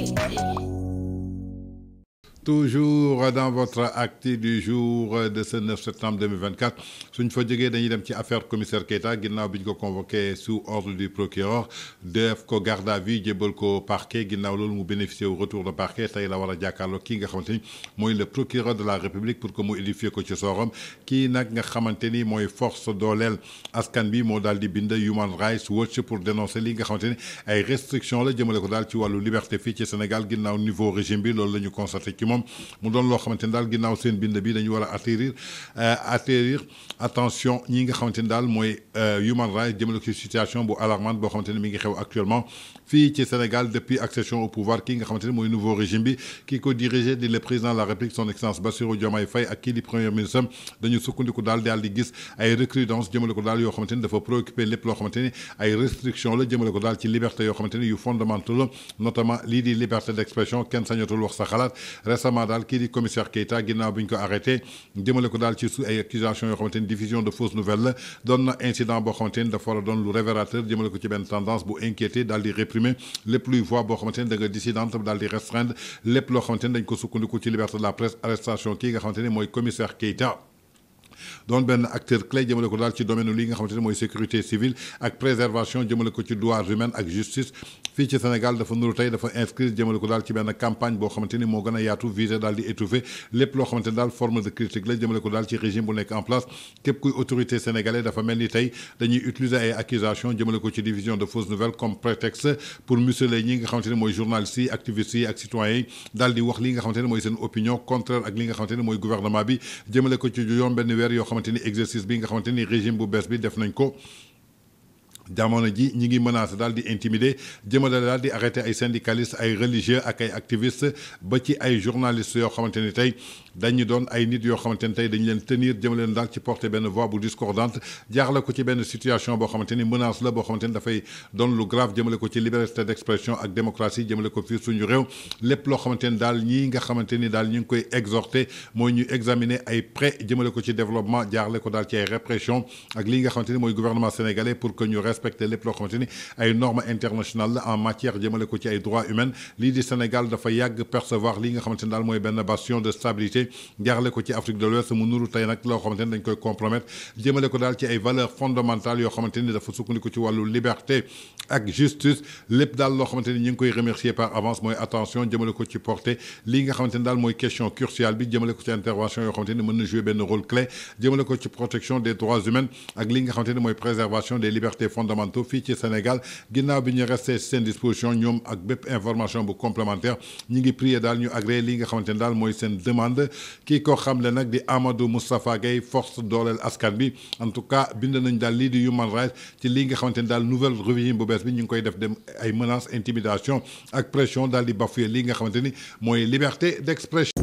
Yeah. toujours dans votre acte du jour de ce 9 septembre 2024 suñ fa vous dañuy dem ci affaire commissaire Keita ginnaw biñ ko convoqué sous ordre du procureur def ko garde à vue jébbal ko parquet ginnaw lolou mu bénéficié au retour de parquet tay la wara a ki nga xamanteni moy le procureur de la république pour que mu édifier ko ci sorom qui nak nga xamanteni moy force d'Olel askan bi mo daldi bind Human Rights Watch pour dénoncer li nga xamanteni ay restrictions la jëmale ko dal ci walu liberté fi ci Sénégal ginnaw niveau régime bi lolou lañu constater ci ñoom mu doon loo xamante ni daal ginnaaw seen bind bi dañu war a atterrir euh, atterrir attention ñi nga xamante ni daal mooy euh, human rights jëmale ko ci situation bu alarmante boo xamante ni mi ngi xew actuellement fii ci Sénégal depuis accession au pouvoir ki nga xamante ni mooy nouveau régime bi ki ko dirigé di le président de la République son excellence Bassirou Diomaye Faye ak kii di premier ministre dañu sukkandiku daal daal di gis ay recrudescence jëmale ko daal yoo xamante ni dafa préoccupé lépp loo xamante ni ay restrictions la jëmale ko daal ci liberté yoo xamante ni yu fondamentaux la notamment lii di liberté d'expression kenn sañatul wax sa xalaat récemment dal ki di commissaire Keita ginnaaw buñ ko arrêté jëmale ko dal ci sous accusation yo yoo diffusion de fausses nouvelles don na incident bo xamante da dafa don lu révélateur jëmale ko ci ben tendance bu inquiéter d'aller di réprimer les plus voix bo xamante da nga dissidente di restreindre lépp lo xamante dañ ko sukkandiku ci liberté de la presse arrestation qui nga xamante moy commissaire Keita. don ben acteur clé jëmale ko dal ci domaine li nga xamante moy sécurité civile ak préservation jëmale ko ci droits humains ak justice fii ci Sénégal dafa nuru tey dafa inscrire jëmale ko daal ci benn campagne boo xamante ni moo gën a yaatu visé daal di étouffer lépp loo xamante ni daal forme de critique la jëmale ko daal ci régime bu nekk en place képp kuy autorité sénégalais dafa mel ni tey dañuy utiliser ay accusations jëmale ko ci division de fausses nouvelles comme prétexte pour museler ñi nga xamante ni mooy journalistes yi activistes yi ak citoyens yi daal di wax li nga xamante ni mooy seen opinion contraire ak li nga xamante ni mooy gouvernement bi jëmale ko ci yoon benn weer yoo xamante ni exercice bi nga xamante ni régime bu bees bi def nañ ko jamono ji ñi ngi menacé dal di intimider jëmale dal di arrêté ay syndicalistes ay religieux ak ay activistes ba ci ay journalistes yo xamanteni tay tey dañu doon ay nit yo xamanteni tay tey dañu leen tenir jëmale leen dal ci porter ben voix bu discordante jaarale ko ci ben situation bo xamanteni menace la bo xamanteni da fay don lu grave jëmale ko ci liberté d'expression ak démocratie jëmale ko fi suñu rew lepp lo xamanteni ni ñi nga xamanteni ni ñu ngi koy exhorter moy ñu examiner ay prêts jëmale ko ci développement jaarale ko dal ci répression ak li nga xamanteni moy gouvernement sénégalais pour que ñu reste respecté lépp loo xamante ni ay normes internationales la en matière jëmale ko ci ay droits humains lii di Sénégal dafa yàgg percevoir li nga xamante ni daal mooy benn bastion de stabilité jaarale ko ci Afrique de l'Ouest mu nuru tey nag loo xamante ni dañ koy compromettre jëmale ko daal ci ay valeurs fondamentales yoo xamante ni dafa sukkandiku ci wàllu liberté ak justice lépp daal loo xamante ni ñu ngi koy remercier par avance mooy attention jëmale ko ci porter lii nga xamante ni daal mooy question cruciale bi jëmale ko ci intervention yoo xamante ni mën na jouer benn rôle clé jëmale ko ci protection des droits humains ak li nga xamante ni mooy préservation des libertés fondamentales fondamentaux fi ci Sénégal ginnaw bi ñu resté seen disposition ñom ak bép information bu complémentaire ñi ngi prier dal ñu agréé li nga xamante dal moy seen demande ki ko xamle nak di Amadou Moustapha Gay force dolel askan bi en tout cas bind nañ dal li di Human Rights ci li nga xamante dal nouvelle revue bu bees bi ñu koy def dem ay menaces intimidation ak pression dal di bafouer li nga xamante moy liberté d'expression